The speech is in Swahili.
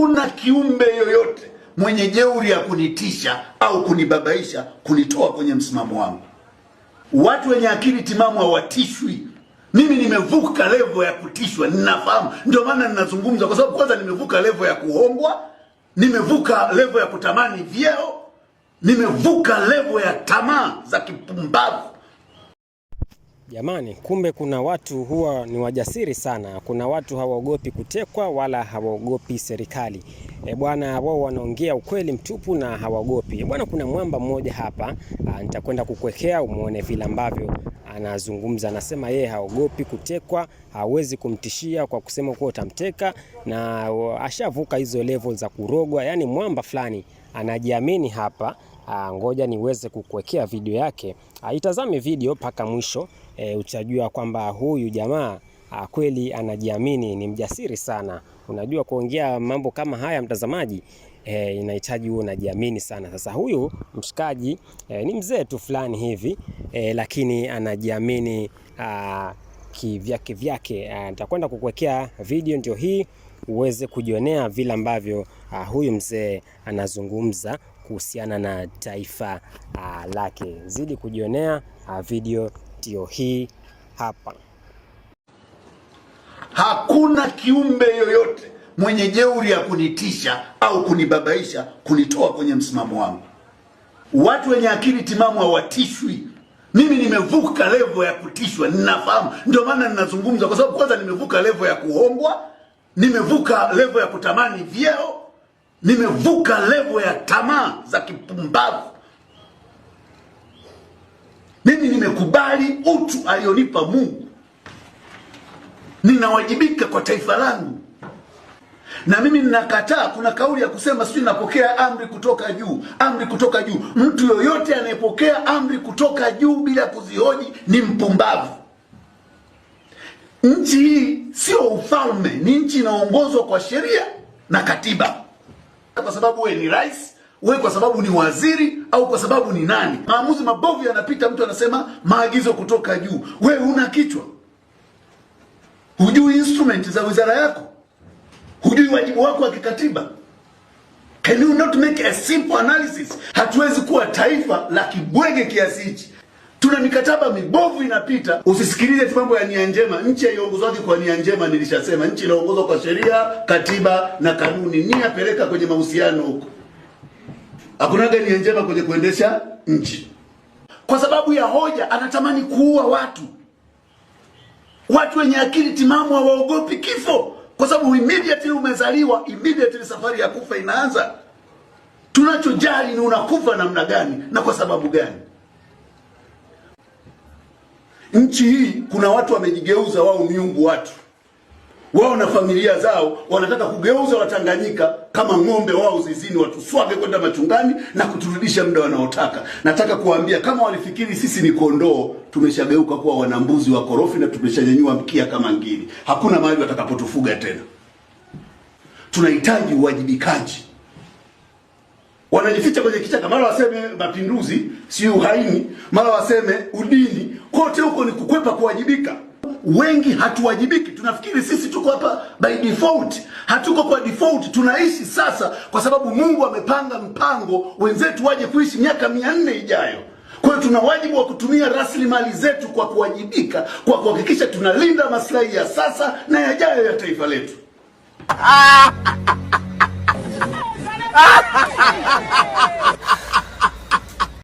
hakuna kiumbe yoyote mwenye jeuri ya kunitisha au kunibabaisha, kunitoa kwenye msimamo wangu. Watu wenye akili timamu hawatishwi. Mimi nimevuka levo ya kutishwa, ninafahamu. Ndio maana ninazungumza, kwa sababu kwanza nimevuka levo ya kuombwa, nimevuka levo ya kutamani vyeo, nimevuka levo ya tamaa za kipumbavu Jamani, kumbe kuna watu huwa ni wajasiri sana. Kuna watu hawaogopi kutekwa wala hawaogopi serikali. E bwana, wao wanaongea ukweli mtupu na hawaogopi. E bwana, kuna mwamba mmoja hapa, nitakwenda kukwekea umuone vile ambavyo anazungumza. Anasema yeye haogopi kutekwa, hawezi kumtishia kwa kusema kuwa utamteka, na ashavuka hizo level za kurogwa, yani mwamba fulani anajiamini hapa. Ngoja niweze kukuwekea video yake, itazame video mpaka mwisho e, utajua kwamba huyu jamaa a, ah, kweli anajiamini, ni mjasiri sana. Unajua, kuongea mambo kama haya mtazamaji, e, inahitaji huo unajiamini sana. Sasa huyu mshikaji e, ni mzee tu fulani hivi e, lakini anajiamini a, ah, kivyake vyake. Ah, nitakwenda kukuwekea video ndio hii uweze kujionea vile ambavyo a, huyu mzee anazungumza kuhusiana na taifa a, lake. Zidi kujionea a, video ndiyo hii hapa. Hakuna kiumbe yoyote mwenye jeuri ya kunitisha au kunibabaisha, kunitoa kwenye msimamo wangu. Watu wenye akili timamu hawatishwi. Mimi nimevuka levo ya kutishwa, ninafahamu. Ndio maana ninazungumza, kwa sababu kwanza nimevuka levo ya kuombwa, nimevuka levo ya kutamani vyeo, nimevuka levo ya tamaa za kipumbavu. Mimi nimekubali utu alionipa Mungu, ninawajibika kwa taifa langu na mimi ninakataa. Kuna kauli ya kusema sijui napokea amri kutoka juu, amri kutoka juu. Mtu yoyote anayepokea amri kutoka juu bila kuzihoji ni mpumbavu. Nchi hii sio ufalme, ni nchi inaongozwa kwa sheria na katiba. Kwa sababu wewe ni rais, wewe kwa sababu ni waziri au kwa sababu ni nani. Maamuzi mabovu yanapita, mtu anasema maagizo kutoka juu. We huna kichwa, hujui instrument za wizara yako, hujui wajibu wako wa kikatiba. Can you not make a simple analysis? Hatuwezi kuwa taifa la kibwege kiasi hichi. Tuna mikataba mibovu inapita. Usisikilize tu mambo ya nia njema. Nchi haiongozwaji kwa nia njema, nilishasema. Nchi inaongozwa kwa sheria, katiba na kanuni. Nia peleka kwenye mahusiano huko hakuna gani njema kwenye kuendesha nchi. Kwa sababu ya hoja anatamani kuua watu. Watu wenye akili timamu hawaogopi kifo, kwa sababu immediately umezaliwa, immediately safari ya kufa inaanza. Tunachojali ni unakufa namna gani na kwa sababu gani. Nchi hii kuna watu wamejigeuza wao miungu watu wao na familia zao wanataka kugeuza Watanganyika kama ng'ombe wao zizini, watuswage kwenda machungani na kuturudisha muda wanaotaka. Nataka kuwaambia kama walifikiri sisi ni kondoo, tumeshageuka kuwa wanambuzi wa korofi na tumeshanyanyua mkia kama ngiri. Hakuna mahali watakapotufuga tena. Tunahitaji uwajibikaji. Wanajificha kwenye kichaka, mara waseme mapinduzi, si uhaini, mara waseme udini, kote huko ni kukwepa kuwajibika wengi hatuwajibiki, tunafikiri sisi tuko hapa by default. Hatuko kwa default, tunaishi sasa kwa sababu Mungu amepanga mpango, wenzetu waje kuishi miaka mia nne ijayo. Kwa hiyo tuna wajibu wa kutumia rasilimali zetu kwa kuwajibika, kwa kuhakikisha tunalinda maslahi ya sasa na yajayo ya taifa letu.